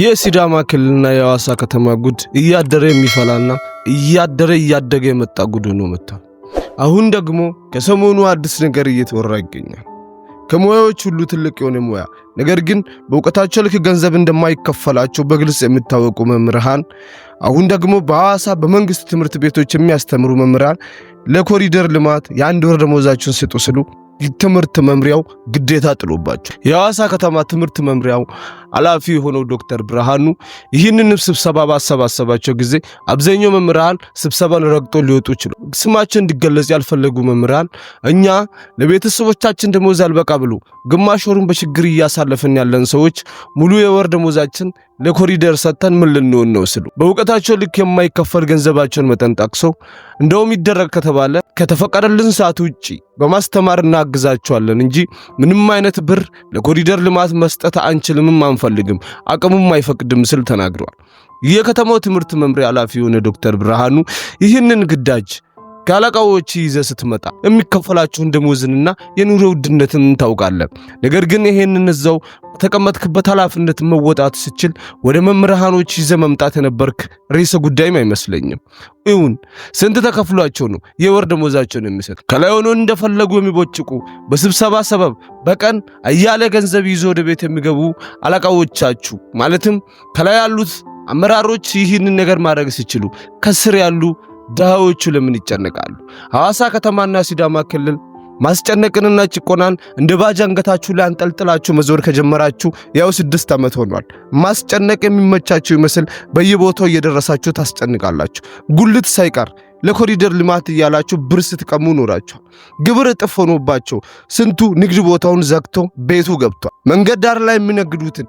የሲዳማ ክልልና የሐዋሳ ከተማ ጉድ እያደረ የሚፈላና እያደረ እያደገ የመጣ ጉድ ሆኖ መጥቷል። አሁን ደግሞ ከሰሞኑ አዲስ ነገር እየተወራ ይገኛል። ከሙያዎች ሁሉ ትልቅ የሆነ ሙያ ነገር ግን በእውቀታቸው ልክ ገንዘብ እንደማይከፈላቸው በግልጽ የሚታወቁ መምህራን አሁን ደግሞ በሐዋሳ በመንግስት ትምህርት ቤቶች የሚያስተምሩ መምህራን ለኮሪደር ልማት የአንድ ወር ደሞዛቸውን ስጡ ስሉ ትምህርት መምሪያው ግዴታ ጥሎባቸው የሐዋሳ ከተማ ትምህርት መምሪያው ኃላፊ የሆነው ዶክተር ብርሃኑ ይህንን ስብሰባ ባሰባሰባቸው ጊዜ አብዛኛው መምህራን ስብሰባን ረግጦ ሊወጡ ይችላል። ስማቸው እንዲገለጽ ያልፈለጉ መምህራን እኛ ለቤተሰቦቻችን ደሞዝ አልበቃ ብሎ ግማሽ ወሩን በችግር እያሳለፍን ያለን ሰዎች ሙሉ የወር ደሞዛችን ለኮሪደር ሰጥተን ምን ልንሆን ነው ስሉ በእውቀታቸው ልክ የማይከፈል ገንዘባቸውን መጠን ጠቅሰው እንደውም ይደረግ ከተባለ ከተፈቀደልን ሰዓት ውጭ በማስተማር እናግዛቸዋለን እንጂ ምንም አይነት ብር ለኮሪደር ልማት መስጠት አንችልምም፣ አንፈልግም፣ አቅሙም አይፈቅድም ስል ተናግረዋል። የከተማው ትምህርት መምሪያ ኃላፊ የሆነ ዶክተር ብርሃኑ ይህንን ግዳጅ ከአለቃዎች ይዘ ስትመጣ የሚከፈላችሁን ደሞዝንና የኑሮ ውድነትን እንታውቃለን። ነገር ግን ይሄንን እዛው ተቀመጥክበት ኃላፊነት መወጣት ስችል ወደ መምህራኖች ይዘ መምጣት የነበርክ ርዕሰ ጉዳይም አይመስለኝም። ይሁን ስንት ተከፍሏቸው ነው የወር ነው የሚሰጥ? ከላይ ሆኖ እንደፈለጉ የሚቦጭቁ በስብሰባ ሰበብ በቀን አያሌ ገንዘብ ይዞ ወደ ቤት የሚገቡ አለቃዎቻችሁ ማለትም ከላይ ያሉት አመራሮች ይህንን ነገር ማድረግ ሲችሉ ከስር ያሉ ድሃዎቹ ለምን ይጨነቃሉ? ሐዋሳ ከተማና ሲዳማ ክልል ማስጨነቅንና ጭቆናን እንደ ባጅ አንገታችሁ ላይ አንጠልጥላችሁ መዞር ከጀመራችሁ ያው ስድስት ዓመት ሆኗል። ማስጨነቅ የሚመቻችሁ ይመስል በየቦታው እየደረሳችሁ ታስጨንቃላችሁ፣ ጉልት ሳይቀር ለኮሪደር ልማት እያላችሁ ብር ስትቀሙ ኖራችኋል። ግብር እጥፍ ሆኖባቸው ስንቱ ንግድ ቦታውን ዘግቶ ቤቱ ገብቷል። መንገድ ዳር ላይ የሚነግዱትን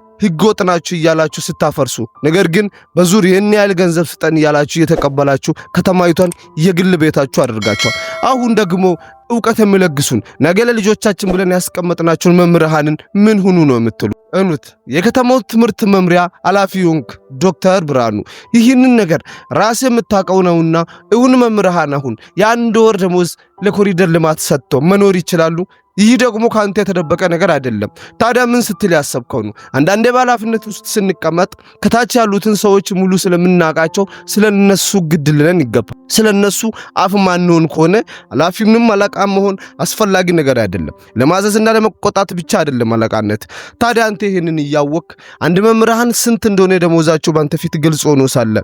ወጥ ናችሁ እያላችሁ ስታፈርሱ፣ ነገር ግን በዙር ይህን ያህል ገንዘብ ስጠን እያላችሁ እየተቀበላችሁ ከተማይቷን የግል ቤታችሁ አድርጋችኋል። አሁን ደግሞ እውቀት የሚለግሱን ነገ ለልጆቻችን ብለን ያስቀመጥናቸውን መምህራንን ምን ሁኑ ነው የምትሉ? እኑት የከተማው ትምህርት መምሪያ ኃላፊ ሆንክ ዶክተር ብርሃኑ ይህንን ነገር ራስ የምታውቀው ነውና እውን መምህራን አሁን የአንድ ወር ደሞዝ ለኮሪደር ልማት ሰጥቶ መኖር ይችላሉ? ይህ ደግሞ ከአንተ የተደበቀ ነገር አይደለም። ታዲያ ምን ስትል ያሰብከው ነው? አንዳንዴ በኃላፊነት ውስጥ ስንቀመጥ ከታች ያሉትን ሰዎች ሙሉ ስለምናውቃቸው ስለ እነሱ ግድ ልለን ይገባል። ስለ እነሱ አፍ ማንሆን ከሆነ ኃላፊንም አለቃ መሆን አስፈላጊ ነገር አይደለም። ለማዘዝና ለመቆጣት ብቻ አይደለም አለቃነት። ታዲያ አንተ ይህንን እያወቅ አንድ መምህራን ስንት እንደሆነ ደሞዛቸው በአንተ ፊት ግልጽ ሆኖ ሳለ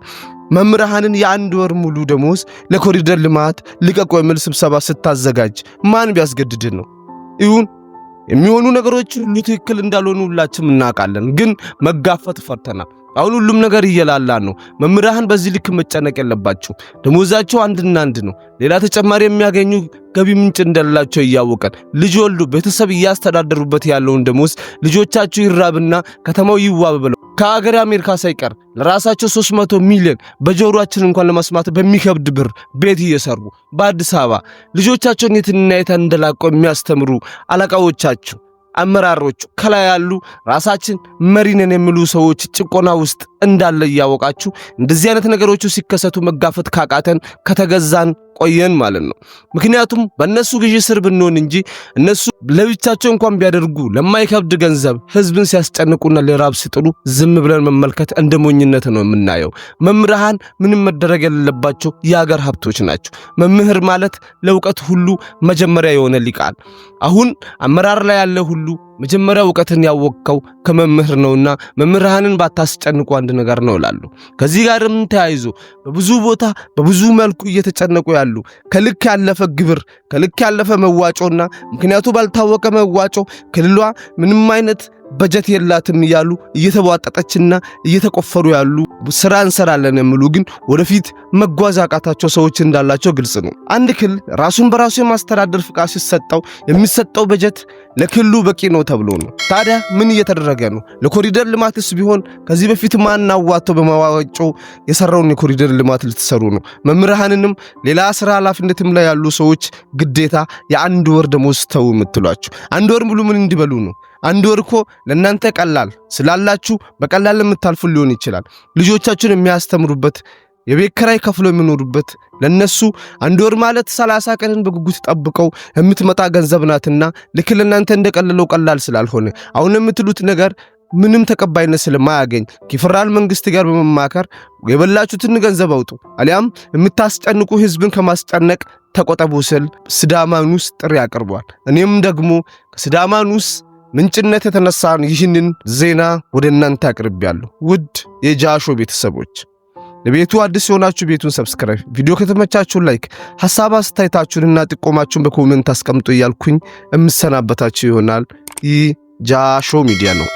መምህራንን የአንድ ወር ሙሉ ደሞዝ ለኮሪደር ልማት ልቀቅ የሚል ስብሰባ ስታዘጋጅ ማን ቢያስገድድን ነው? ይሁን የሚሆኑ ነገሮች ሁሉ ትክክል እንዳልሆኑ ሁላችንም እናውቃለን፣ ግን መጋፈጥ ፈርተናል። አሁን ሁሉም ነገር እየላላን ነው። መምህራን በዚህ ልክ መጨነቅ የለባቸው። ደሞዛቸው አንድና አንድ ነው። ሌላ ተጨማሪ የሚያገኙ ገቢ ምንጭ እንደሌላቸው እያወቀን ልጅ ወልዱ ቤተሰብ እያስተዳደሩበት ያለውን ደሞዝ ልጆቻቸው ይራብና ከተማው ይዋብ ከሀገር አሜሪካ ሳይቀር ለራሳቸው 300 ሚሊዮን በጆሮአችን እንኳን ለመስማት በሚከብድ ብር ቤት እየሰሩ በአዲስ አበባ ልጆቻቸውን የትንና የታን እንደላቀው የሚያስተምሩ አለቃዎቻቸው፣ አመራሮች፣ ከላይ ያሉ ራሳችን መሪነን የሚሉ ሰዎች ጭቆና ውስጥ እንዳለ እያወቃችሁ እንደዚህ አይነት ነገሮቹ ሲከሰቱ መጋፈት ካቃተን ከተገዛን ቆየን ማለት ነው። ምክንያቱም በእነሱ ግዢ ስር ብንሆን እንጂ እነሱ ለብቻቸው እንኳን ቢያደርጉ ለማይከብድ ገንዘብ ህዝብን ሲያስጨንቁና ለራብ ሲጥሉ ዝም ብለን መመልከት እንደ ሞኝነት ነው የምናየው። መምህራን ምንም መደረግ የሌለባቸው የአገር ሀብቶች ናቸው። መምህር ማለት ለእውቀት ሁሉ መጀመሪያ የሆነ ሊቃል። አሁን አመራር ላይ ያለ ሁሉ መጀመሪያ እውቀትን ያወቅከው ከመምህር ነውና መምህራንን ባታስጨንቁ አንድ ነገር ነው ይላሉ። ከዚህ ጋርም ተያይዞ በብዙ ቦታ በብዙ መልኩ እየተጨነቁ ያሉ ከልክ ያለፈ ግብር፣ ከልክ ያለፈ መዋጮና ምክንያቱ ባልታወቀ መዋጮ ክልሏ ምንም አይነት በጀት የላትም እያሉ እየተቧጠጠችና እየተቆፈሩ ያሉ ስራ እንሰራለን የሚሉ ግን ወደፊት መጓዝ አቃታቸው ሰዎች እንዳላቸው ግልጽ ነው። አንድ ክልል ራሱን በራሱ የማስተዳደር ፍቃድ ሲሰጠው የሚሰጠው በጀት ለክልሉ በቂ ነው ተብሎ ነው። ታዲያ ምን እየተደረገ እያደረገ ነው። ለኮሪደር ልማትስ ቢሆን ከዚህ በፊት ማን በመዋጮ የሰራውን የኮሪደር ልማት ልትሰሩ ነው? መምህራንንም ሌላ ስራ ኃላፊነትም ላይ ያሉ ሰዎች ግዴታ የአንድ ወር ደሞዝ ተው የምትሏቸው አንድ ወር ሙሉ ምን እንዲበሉ ነው? አንድ ወር እኮ ለእናንተ ቀላል ስላላችሁ በቀላል የምታልፉ ሊሆን ይችላል ልጆቻችሁን የሚያስተምሩበት የቤት ኪራይ ከፍሎ የሚኖሩበት ለነሱ አንድ ወር ማለት 30 ቀንን በጉጉት ጠብቀው የምትመጣ ገንዘብ ናትና ልክ ለእናንተ እንደቀለለው ቀላል ስላልሆነ አሁን የምትሉት ነገር ምንም ተቀባይነት ስለማያገኝ ከፌዴራል መንግስት ጋር በመማከር የበላችሁትን ገንዘብ አውጡ፣ አሊያም የምታስጨንቁ ህዝብን ከማስጨነቅ ተቆጠቡ ስል ሲዳማ ኒውስ ጥሪ አቅርቧል። እኔም ደግሞ ከሲዳማ ኒውስ ምንጭነት የተነሳን ይህንን ዜና ወደ እናንተ አቅርቤያለሁ። ውድ የጃሾ ቤተሰቦች ለቤቱ አዲስ የሆናችሁ ቤቱን ሰብስክራይብ፣ ቪዲዮ ከተመቻችሁ ላይክ፣ ሐሳብ አስተያየታችሁንና ጥቆማችሁን በኮሜንት አስቀምጡ እያልኩኝ የምሰናበታችሁ ይሆናል። ይህ ጃሾ ሚዲያ ነው።